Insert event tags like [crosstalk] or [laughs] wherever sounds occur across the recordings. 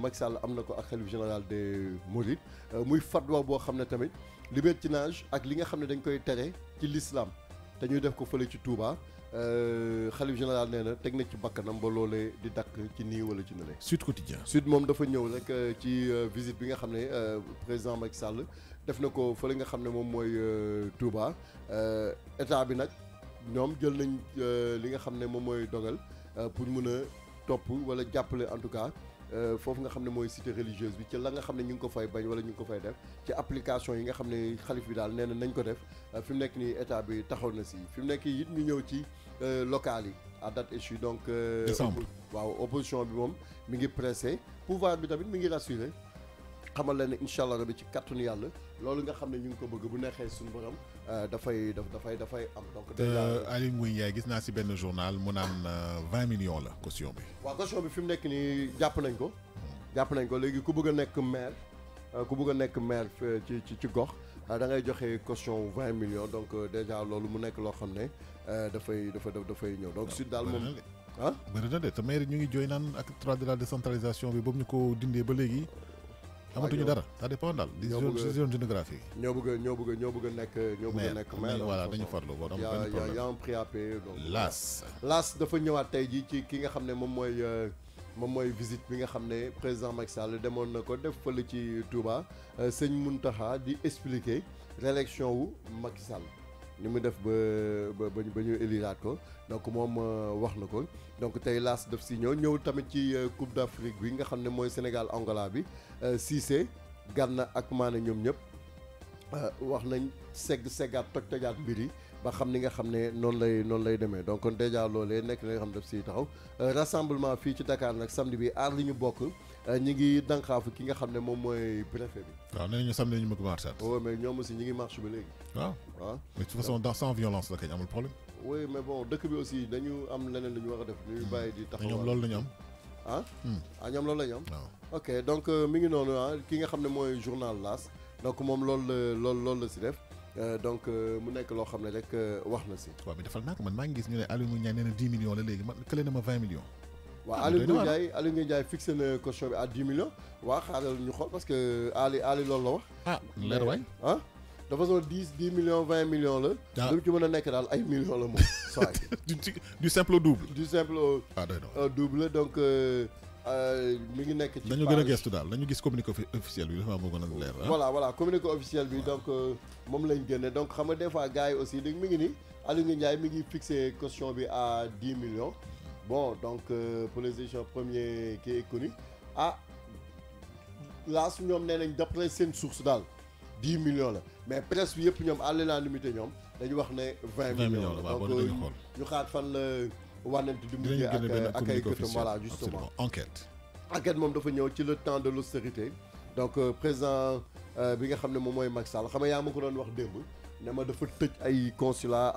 Macky Sall am na ko ak xalif général de Mourides euh, muy fatwa bo xam tamit libertinage ak li nga xam dañ koy téré ci l'islam te ñuy def ko feulé ci Touba euh, xalif général néna tek teg na ci bakkanam ba lolé di dak ci ni wala ci nële. suite Quotidien suite mom dafa ñëw rek euh, ci visite bi nga xam ne président Macky Sall def na ko fële nga xam mom moy mooy Touba état bi nak ñom jël nañ li nga xam mom moy dogal pour mëna top wala jappalé en tout cas. Euh, foofu nga xam ne mooy cité religieuse bi ci la nga xam ne ñu ngi ko fay bañ wala ñu ngi ko fay def ci application yi nga xam ne xalif bi daal nee na nañ ko def euh, fi mu nekk nii état bi taxaw na si fi mu nekk it ñu ñëw ci euh, local yi à date échue donc. décembre waaw opposition bi moom mi ngi pressé pouvoir bi tamit mi ngi rassuré xamal leen ne incha allah rabi ci kàttanu yàlla loolu nga xam ne ñu ngi ko bëgg bu neexee suñu borom. Euh, dafay dafay dafay am donc. déjà euh, Aly Ngouille Ndiaye gis naa si benn journal mu naan 20 euh, millions la caution bi. waaw caution bi fi mu nekk nii jàpp nañ ko. jàpp nañ ko léegi ku bëgg a nekk maire ku bëgg a nekk maire ci ci ci gox da ngay joxe caution 20 millions donc déjà loolu mu nekk loo xam ne dafay dafa dafay ñëw donc. si daal moom ah bëri na de te maire ñu ngi jooy naan ak 3 de la décentralisation bi boobu ñu ko dindee ba léegi amatuñu dara ça dépend daal décision géographique ñoo bëgg ñoo bëgg ñoo bëgg nekk ñoo bëgg nekk mais voilà dañu farlo bo dama benn problème y a un préapp donc laas laas dafa ñëwaat tey jii ci ki nga xam ne moom mooy euh, moom mooy visite bi nga xam ne président Macky Sall demoon na ko def fële ci Touba euh, sëñ Mountakha di expliquer l'élection wu Macky Sall ni mu def ba ba ba ñu éliraat ko donc moom euh, wax na ko donc tey laas def si ñëw ñëw tamit ci euh, Coupe d'Afrique bi nga xam ne mooy Sénégal Angola bi euh, Cissé Gana ak Mané ñoom ñëpp wax nañ segg seggaat toj tojaat mbir yi ba xam ni nga xam ne noonu lay noonu lay demee donc kon dèjà loolee nekk na nga xam def si taxaw rassemblement fii ci Dakar nag samedi bi aar li ñu bokk Euh, ñi ngi dànkaafu ki nga xam ne moom mooy préfet bi. waaw nee nañu samedi ñu bëgg marche. waaw mais ñoom aussi ñi ngi marche bi léegi. waaw ah. ah. waaw mais de toute façon dans sans violence la kañ amul problème. oui mais bon dëkk bi aussi dañu am leneen lu ñu war a def. ñu hmm. bàyyi di taxawal ñoom loolu la ñu am. ah. Hmm. ah ñoom loolu la ñu am. ok donc euh, mi ngi noonu ah ki nga xam ne mooy journal L'As donc moom loolu la loolu loolu la si def. Euh, donc mu nekk loo xam ne rek wax na si. waaw mais defal naa ko man maa ngi gis ñu ne Aliou Ngouille nee na 10 millions la léegi man kële na ma 20 millions. Ah, Alain Ndiaye fixé le cochon à 10 millions. 000 euros. Parce que Alain Lolo. Ah, l'air ouais. Hein? De façon 10, 10 millions, 20 millions. Donc tu m'en as dit que tu le millions. [laughs] du, du simple au double. Du simple au ah, double. Donc. Euh, nous avons un guest là, nous avons un communiqué officiel. Ah. Voilà, voilà, communiqué officiel. Donc, je euh, l'ingénieur. Donc, je suis un gars aussi. Donc, suis un gars qui a fixé la question à 10 millions. Bon, donc pour les échanges premiers qui est connu. Ah, là, si nous avons d'après une source d'al, 10 millions. Mais presque, nous avons à l'unanimité, nous avons 20 millions. 20 millions là, donc, nous avons le one du mujjee ak à ay këtam voilà justement enquête enquête moom dafa ñëw le temps de l'austérité donc présent, bien nga xam moment moom mooy Macky Sall xam nga yaa ma ko doon wax démb ne ma dafa tëj consulat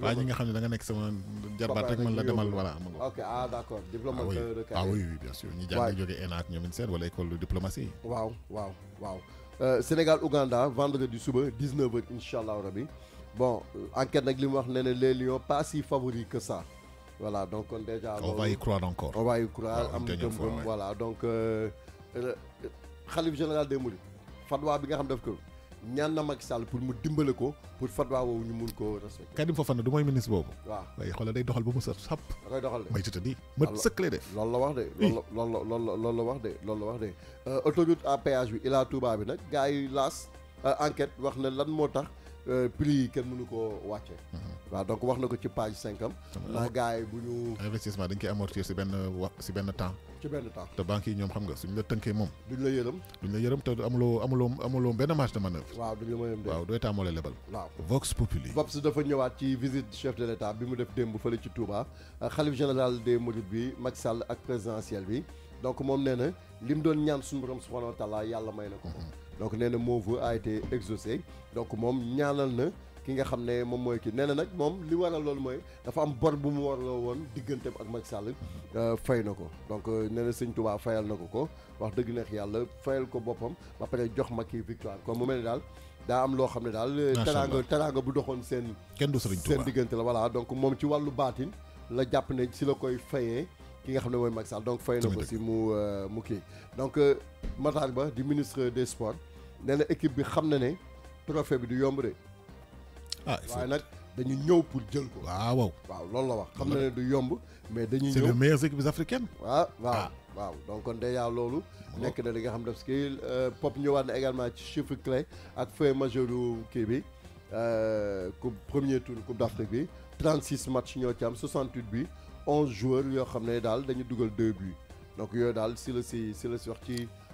waa ñi nga xam ne da nga nekk sama jarbaat rek man la demal voilà ok ah d'accord diplôme ah de ah oui oui bien sûr ñi jàng jóge ENAC ñoom it seen wala école de diplomatie waaw waaw waaw euh, Sénégal Ouganda vendredi suba 19h Inch'Allah, Rabbi. bon euh, enquête nag li mu wax ne ne les lions pas si favoris que ça voilà donc on déjà on va y croire encore on va y croire am gëm-gëm voilà donc xalif euh, général des mourides fatwa bi nga xam def ko ñaan na Macky saal pour mu dimbali ko pour fatwa woowu ñu mun koo respecté. Karim Fofana du mooy ministre boobu. waaw waaye xoolal day doxal ba mu sër sàpp. da koy may tëdd di mët sëkk def. loolu la wax de. loolu la loolu la loolu la wax de loolu la wax de. Euh, autoroute à péage bi Ila Touba bi nag gaa yi laas euh, enquête wax ne lan moo tax. Euh, prix yi kenn mënu koo wàcce waaw donc wax na ko ci page 5 am la gaay yi bu ñu investissement dañ koy amortir ci ben ci ben temps ci ben temps te banque yi ñoom xam nga suñu la tënkee mom duñ la yërëm duñ la yërëm te amulo amulo amulo ben marge de manœuvre waaw duñ la ma de waaw doy taamoo lay lebal waaw Vox Populi Vox dafa ñëwaat ci visite chef de l'État bi mu def demb fele ci Touba xalif général des Mourides bi Macky Sall ak présidentiel bi donc mom nee lim doon ñaan suñu borom subhanahu wa taala yalla may na ko mhm donc nee na mon vœu a été exaucé donc moom ñaanal na ki nga xam ne moom mooy kii nee na nag moom li waral loolu mooy dafa am bor bu mu warloo woon digganteem ak Macky Sall euh, fay na ko donc euh, nee na sëñ Touba fayal na ko ko wax dëgg neex yàlla fayal ko boppam ba pare jox Macky victoire comme mu mel ni daal daa am loo xam ne daal euh, teranga teraanga bu doxoon seen kenn du sëriñ Touba seen diggante la voilà donc moom ci wàllu baatin la jàpp ne si la koy fayee ki nga xam ne mooy Macky Sall donc fay na ko si mu mu kii donc Matar Ba di ministre des sports nee na équipe bi xam na ne trophée bi du yomb de. ah waaye nag dañu ñëw pour jël ko. waaw ah, waaw waaw loolu la wax. xam na ne du yomb mais dañu ñëw c'est le meilleur équipe africaines. waaw waaw ah. waaw donc kon déjà loolu. nekk na li nga xam daf si kii Pop ñëwaat na également ci chiffre clé ak feuille majeure kii bi euh, coupe premier tour coupe d'Afrique bi 36 matchs ñoo ci am 68 bi 11 joueurs yoo xam ne daal dañu dugal 2 buts donc yooyu daal si la si si la si wax ci.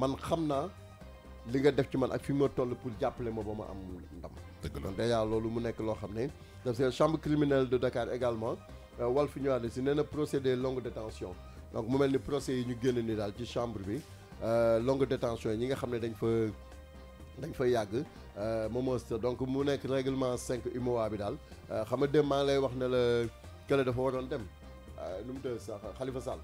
man xam naa li nga def ci man ak fi ma toll pour jàppale ma ba ma am ndam. dëgg la dèjà loolu mu nekk loo xam ne. daf see chambre criminelle de Dakar également wal fi ñëwaat si nee na procédé longue détention donc mu mel ni procès yi ñu génn ni daal ci chambre bi euh, longue détention yi nga xam ne dañ fa dañ fa yàgg euh, moom donc mu nekk règlement 5 UMOA bi daal euh, xam nga démb maa lay wax ne la kële dafa waroon dem nu mu tudd sax Khalifa Sall.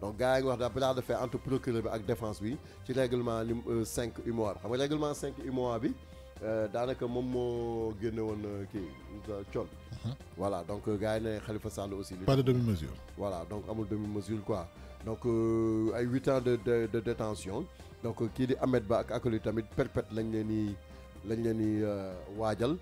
donc gars yi nga wax daal de dafay entre procureur bi ak défense bi ci règlement lim 5 euh, UMOA xam nga règlement 5 UMOA bi euh, daanaka moom moo génne woon euh, kii Thion. voilà donc gars yi ne Khalifa Sall aussi. pas de demi mesure. voilà donc amul demi mesure quoi donc ay huit ans de de de détention donc kii di Ahmed Ba ak Akoli tamit perpète lañ leen di. lañ leen di waajal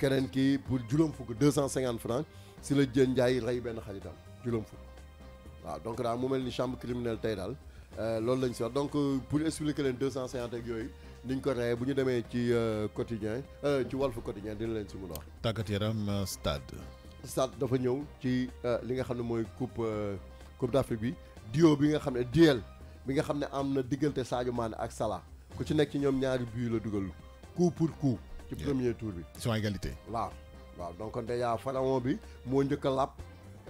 keneen kii pour juróom fukk 250 francs si la jën njaay rey benn xaritam juróom fukk wa donc daal mu melni chambre criminelle tay dal euh loolu lañ ci wax donc euh, pour expliquer leen 250 ak yoy niñ ko reyee buñu démé ci euh, quotidien euh ci Walf Quotidien dina leen si mun wax. tàggat yaram euh, stade. stade dafa ñew ci li nga xam moy coupe coupe d'Afrique bi duo bi nga xam ne duel bi nga xam amna am na diggante Sadio Mané ak sala ku ci nek ci ñom ñaari but la dugal coup pour coup. ci premier tour bi. ils sont égalité. wa wa donc déjà pharaon bi mo njëkk lap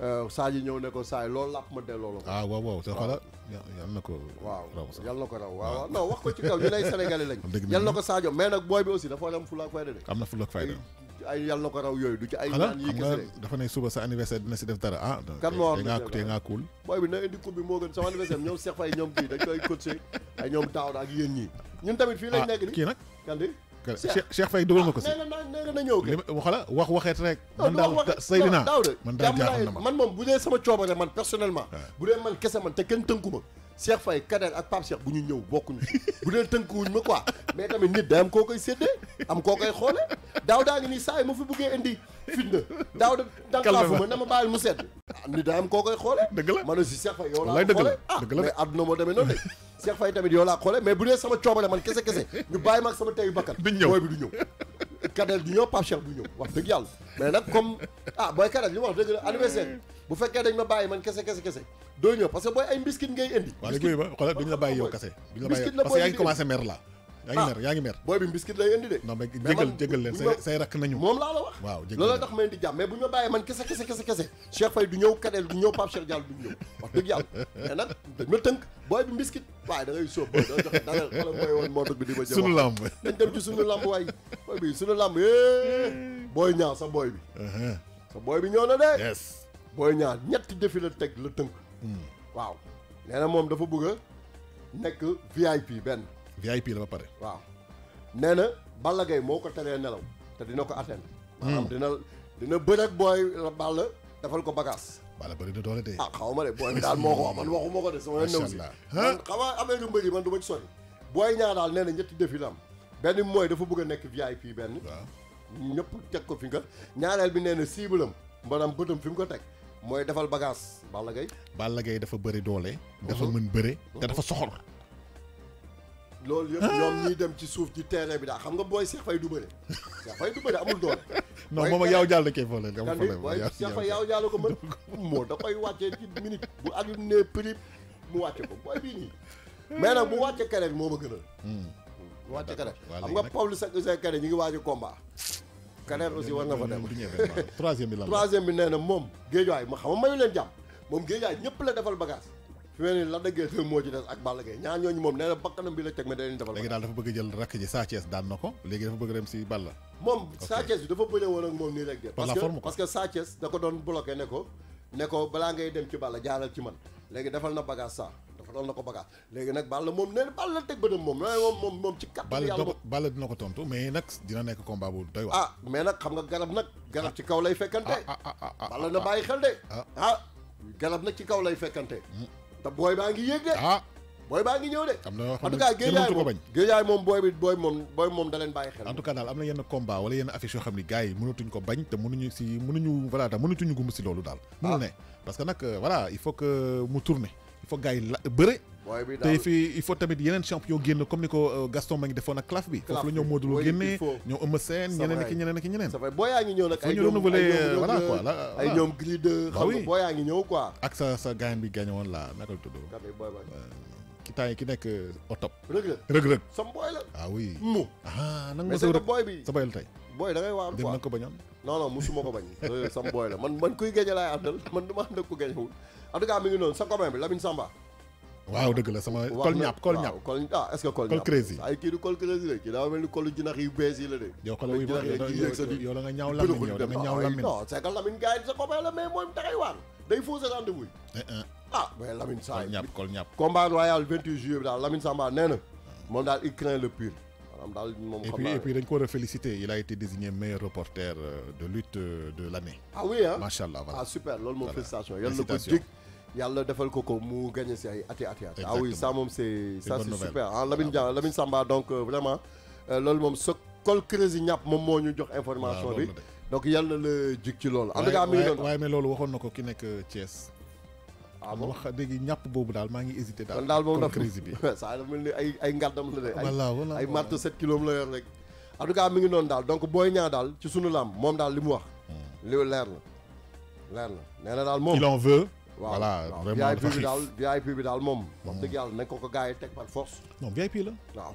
Euh, Sadio ñëw ne ko saay loolu làpp ma delloo la ko. ah waaw waaw te xoolal yal na ko. waaw yal na ko raw waaw waaw non wax ko ci kaw ñu lay sénégalais lañ. [laughs] yal na ko saajo mais nag booy bi aussi dafa dem fula ak fayda dafa ne suba sa anniversaire dina si def dara ah. kan moo am te ngaa kuul. booy bi na indi coupe bi moo gën sama anniversaire ñoom Cheikh Faye ñoom kii dañ koy coaché ay ñoom Daouda ak yéen ñii. ñun tamit fii lañ ah, nekk nii kii nag kan Cheikh Faye dugal nga ko si nee na nee na ñëw kay waxala wax waxeet rek man daal Seydina man daal jaaxal na ma man moom bu dee sama coobare man personnellement bu dee man kese man te kenn tënku ma Cheikh Faye Kader ak Pape Cheikh bu ñu ñëw bokkuñu bu dee tënkuwuñ ma quoi mais tamit nit day koo koy séddee koo koy xoole daaw daa ngi nii saa yi ma fi indi daaw de na ma bàyyil mu sedd ah, nit koo koy xoole dëgg la ma ne si Cheikh ah moo demee noonu de Cheikh Faye xoole mais bu dee sama coobare man kese kese ñu bàyyi ma ak sama teyu bakkan booy bi du ñëw Kader du ñëw Pape Cheikh du ñëw wax dëgg mais nag comme ah booy Kader li wax dëgg la anniversaire bu fekkee dañ ma bàyyi man kese kese kese doo ñëw parce booy ay mbiskit ngay indi waaw la ah. booy bi mbiskit lay indi de moom laa la wax waaw loolu tax may indi jàmm mais bu ñu ma bàyyee bi mbiskit waaye da ngay sóob booy doo joxe dara wala booy ñaaw eh. sa booy bi uh-huh. sa booy bi ñëw na de booy ñaar ñetti défi la teg la waaw nee na moom dafa bëgg a nekk VIP benn. VIP la ba pare. waaw nee na Balla Gaye moo ko teree nelaw te dina ko atteindre. Hmm. maanaam dina dina bëreeg booy la Balla ko bagage. Balla bëri na doole ah, xaw ma de booy bi daal moo ma ko de. macha allah sama yoon xaw yi man du ma ci sori. booy ñaar daal nee na ñetti défi la am benn mooy dafa bëgg a nekk VIP benn. waaw ñëpp teg ko fi nga ñaareel bi nee na cible am maanaam bëtam fi mu ko teg. mooy defal bagaas Balla Gaye Balla dafa bëri doole mhm. dafa mën bëre te dafa mhm. soxor loolu yëpp moom ah. ñuy dem ci suuf ci terrain bi daal xam nga booy Cheikh Faye du bëre Cheikh Faye du bëre amul doole [laughs] non moom ak yow jàll kay foofu la nga ma yow jàll ko mën [laughs] moo da koy wàccee ci minute bu ak ne prib mu wàcce ko booy bii nii mais nag bu wàcce keneen moo ma gënal hmm. Hmm, bu wàcce keneen xam nga Paul Saint Kéré ñu ngi waaj a Kader aussi war na fa dem troisième bi lan troisième bi nee na moom géejawaay ma xam nga mayu leen jàmm moom géejawaay ñëpp la defal bagage fi mel la dëggee te moo ci des ak Balla Gaye ñaar ñooñu moom nee na bakkanam bi la teg mais a leen defal léegi daal dafa bëgg jël rakk ji Sa Thiès ko léegi dafa bëgg dem si Balla moom Sa Thiès dafa bëre woon ak moom nii rek de parce que parce da ko doon bloqué ne ko ne ko balaa ngay dem ci Balla jaaral ci man léegi defal na bagage ça defal na ko bagage léegi nag Balla moom nee na Balla teg bëtam moom nee moom moom moom ci kàttan yàlla moom Balla dina ko tontu mais nag dina nekk combat bu doy waar. ah mais nag xam nga galab nag garab ci kaw lay fekkante ah, ah, ah, Balla na bàyyi xel de ah nag ci kaw lay fekkante hmm. te booy baa ngi yéeg de booy baa ngi ñëw de. am na en tout cas géejaay moom géejaay moom booy bi booy moom booy moom da bàyyi xel. en daal am na yenn combat wala yenn affiche yoo xam ni gars yi mënatuñ ko bañ te mënuñu si mënuñu voilà te mënatuñu gumb si loolu daal. Ah. mënul ne parce que nag euh, voilà il faut que mu tourner il faut gars la bëre. booy bi daal te fii il faut tamit yeneen champion génn comme ni ko euh, Gaston ma ngi defoon ak claf bi. foofu la ñoom Modou Lo génnee ñoom Eumeu ñeneen ak ñeneen ak ñeneen. yaa ngi ñëw nag ay ñoom voilà ki temps yi ki nekk au euh, top. rëg-rëg sam booy la. ah oui mu. ah nan nga ma booy bi sa booy la tey. booy da ngay waar quoi dem na ko bañoon. non non musuma ko bañ. [laughs] ma ànd ak ku gañewul en tout cas mi ngi sa copain bi la sama kol ñaap kol ñaap kol ah est-ce que kol ñaap yu bees la de yow ah mais Lamine Samba combat royal 28 juillet Lamine Samba nee Mon dal, il craint le pire Et puis, et puis dañ féliciter il a été désigné meilleur reporter euh, de lutte euh, de l'année ah oui hein Machallah, voilà ah super loolu moom félicitation yal na Il y a defal ko ko mu gagné ça. ay ati ati ah oui ça c'est ça c'est super ah Lamine Dia Lamine Samba donc euh, vraiment loolu moom sa kol creusi ñàpp moom moo jox information bi donc il y a ci loolu en tout cas mais loolu on na ko ki nekk Thiès ah bon wax dëgg ñàpp boobu daal maa ngi hésité daal. kon daal moom dafa crise bi saa [laughs] dafa mel ni ay ngàddam la de. ay ay marteau 7 la yor rek. en tout mi ngi noonu daal donc booy Niang daal ci sunu làmb moom daal li mu wax. Hmm. li leer la leer na nee na daal moom. il en veut. voilà vraiment dafa xiif VIP bi daal VIP bi daal moom. wax hmm. dëgg yàlla nañ ko ko gars yi teg par force. non VIP la waaw.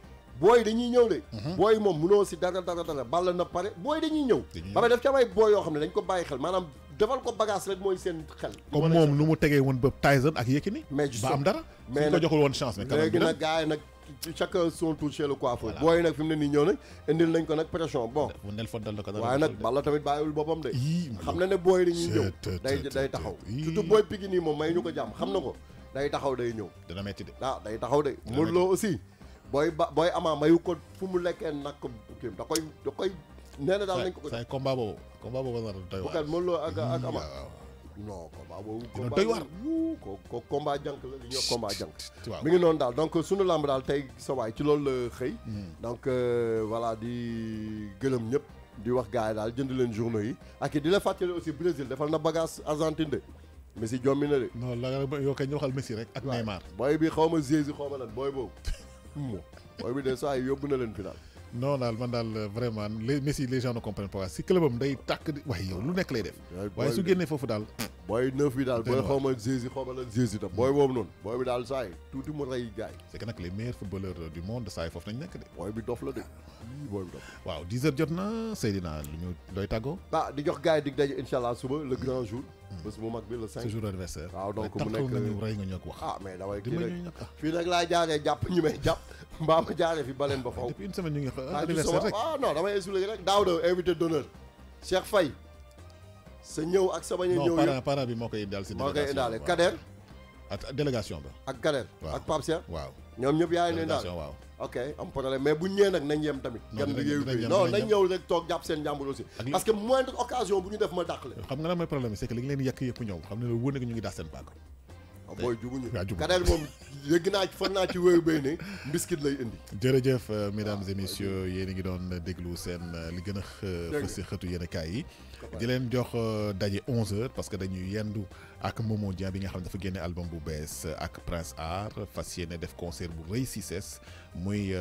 booy dañuy ñëw de. Mhm. booy moom munoo si dara dara dara ball na pare booy dañuy ñëw. dañuy ñëw daf ci am ay booy yoo xam ne dañ ko bàyyi xel maanaam defal ko bagage rek mooy seen xel. comme moom nu mu tegee woon ba Tyson ak am dara. mais nag ko joxul woon chance. mais léegi nag gars yi nag chacun son tour chez le coiffeur. voilà booy nag fi mu ne nii ñëw nag indil nañ ko nag pression bon. ne booy dañuy ñëw. day day taxaw surtout nii moom may ko jàmm xam na ko day taxaw day ñëw. dana metti de. waaw ah, day taxaw de. Modou loo aussi booy ba booy amaa mayu ko fu mu lekkee nak kii da koy da koy. nee na daal nañ ko ko say combat boobu combat boobu nar a doy waar. bu ko ak ak ama mm, non combat boobu. combat doy waar ko ko la li ñuy wax mi ngi noonu daal donc sunu làmb daal tey sa waay ci loolu la xëy. Mm. donc euh, voilà di gërëm ñëpp. di wax gars yi daal jënd leen journaux yi ak di la fàttali aussi Brésil defal na bagage Argentine de. Messi jommi na de. non la yow kay ñu waxal Messi rek ak Neymar. booy bi xaw ma Zizi xaw ma lan booy boobu. moom booy bi de saa yi yóbbu na leen final. non dal man dal euh, vraiment les Messi les gens ne comprennent pas si clubum day tak way waaye yow lu nek lay def. way su génnee fofu dal boy neuf bi daal booy xaw ma Jésus xaw ma la Jésus tam boy boobu noonu. booy bi daal saa yi tuuti mu rey gars yi. que nag les meilleurs footballeurs euh, du monde saa yi foofu nañ nek de. booy bi dof la de booy bi dof. waaw 10 h jotna Seydina lu ñu doy tàggoo. ah di jox gars dig daje inshallah suba le grand jour. Hmm. bés bu mag bi le 5 jour anniversaire. waaw donc mu nek tàqal nañu nga ñoo wax. ah mais damay kii rek ah. fii nag laa jaaree ñu may japp mbaa ma jaaree fi baleen ba faw depuis une semaine ñu ngi anniversaire rek ah non damay expliqué rek daaw da invité d'honneur Cheikh Faye sa ñëw ak sa bañ a ñëw yëpp parent koy indaal si moo koy indaale Kader ak délégation ba ak Kader ak Pape Cheikh waaw ñoom ñëpp yaa ngi leen daal waaw ok am problème mais bu ñu ñëwee nag nañ yem tamit gan nañ ñëw rek toog jàpp seen njàmbur aussi parce que moindre occasion bu ñu def ma dàqle xam nga lan mooy problème bi li ngi leen yekk yëpp ñëw xam ne la wóor na ñu ngi daas seen bàgg Ah, booy jubuñu Kanel moom yëgg naa fan naa ci wéyu béy ne mbiskit lay indi jërëjëf euh, ah, mesdames et messieurs yéen a ngi doon déglu seen euh, li gën a euh, fës si xëtu yéen kaay yi di leen jox daje 11 heures parce que dañuy yendu ak Momo Dia bi nga xam dafa génne album bu bees ak Prince Art fas yéene def concert bu rëy si ses muy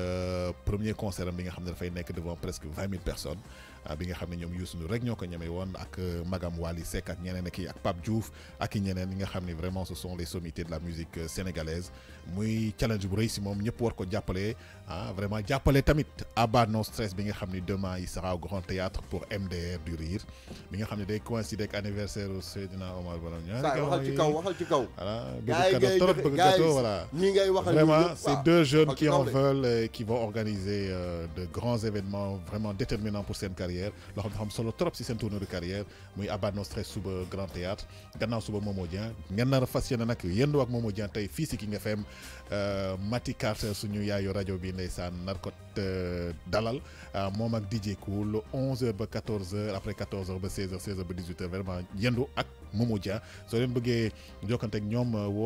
premier concert bi nga xam ne dafay nekk devant presque vingt mille personnes ah, bi nga xam ñom ñoom Youssou Ndour rek ñoko ko ñeme ak euh, magam wali sek ak ñeneen ak ak Pape Diouf ak ñeneen nga xam vraiment ce sont les sommités de la musique euh, sénégalaise muy challenge bu rëy si moom war ko jappalé ah vraiment jappalé tamit Abba No Stress bi nga xam demain il sera au Grand Théâtre pour MDR du rire bi nga xam day coïncider ak anniversaire Seydina Omar Borom Niang. waxal ci kaw waxal ci kaw. voilà bëgg trop bëgg gâteau voilà. ñi ngay waxal vraiment c'est deux jeunes qui en veulent qui vont organiser euh, de grands événements vraiment déterminants pour seen carrière carrière loo xam ne xam solo trop si seen tournée de carrière muy abanos stress suba Grand Théâtre gannaaw suba Momo Dieng ngeen nar a fas yéene nag yéendu ak Momo Dieng tey fii si King FM euh, Mati Carter suñu yaayu rajo bi ndeysaan nar ko euh, dalal euh, moom ak DJ Cool 11h ba 14h après 14h ba 16h 16h ba 18h vraiment yendo ak Momo Dieng soo leen bëggee jokkante ak ñoom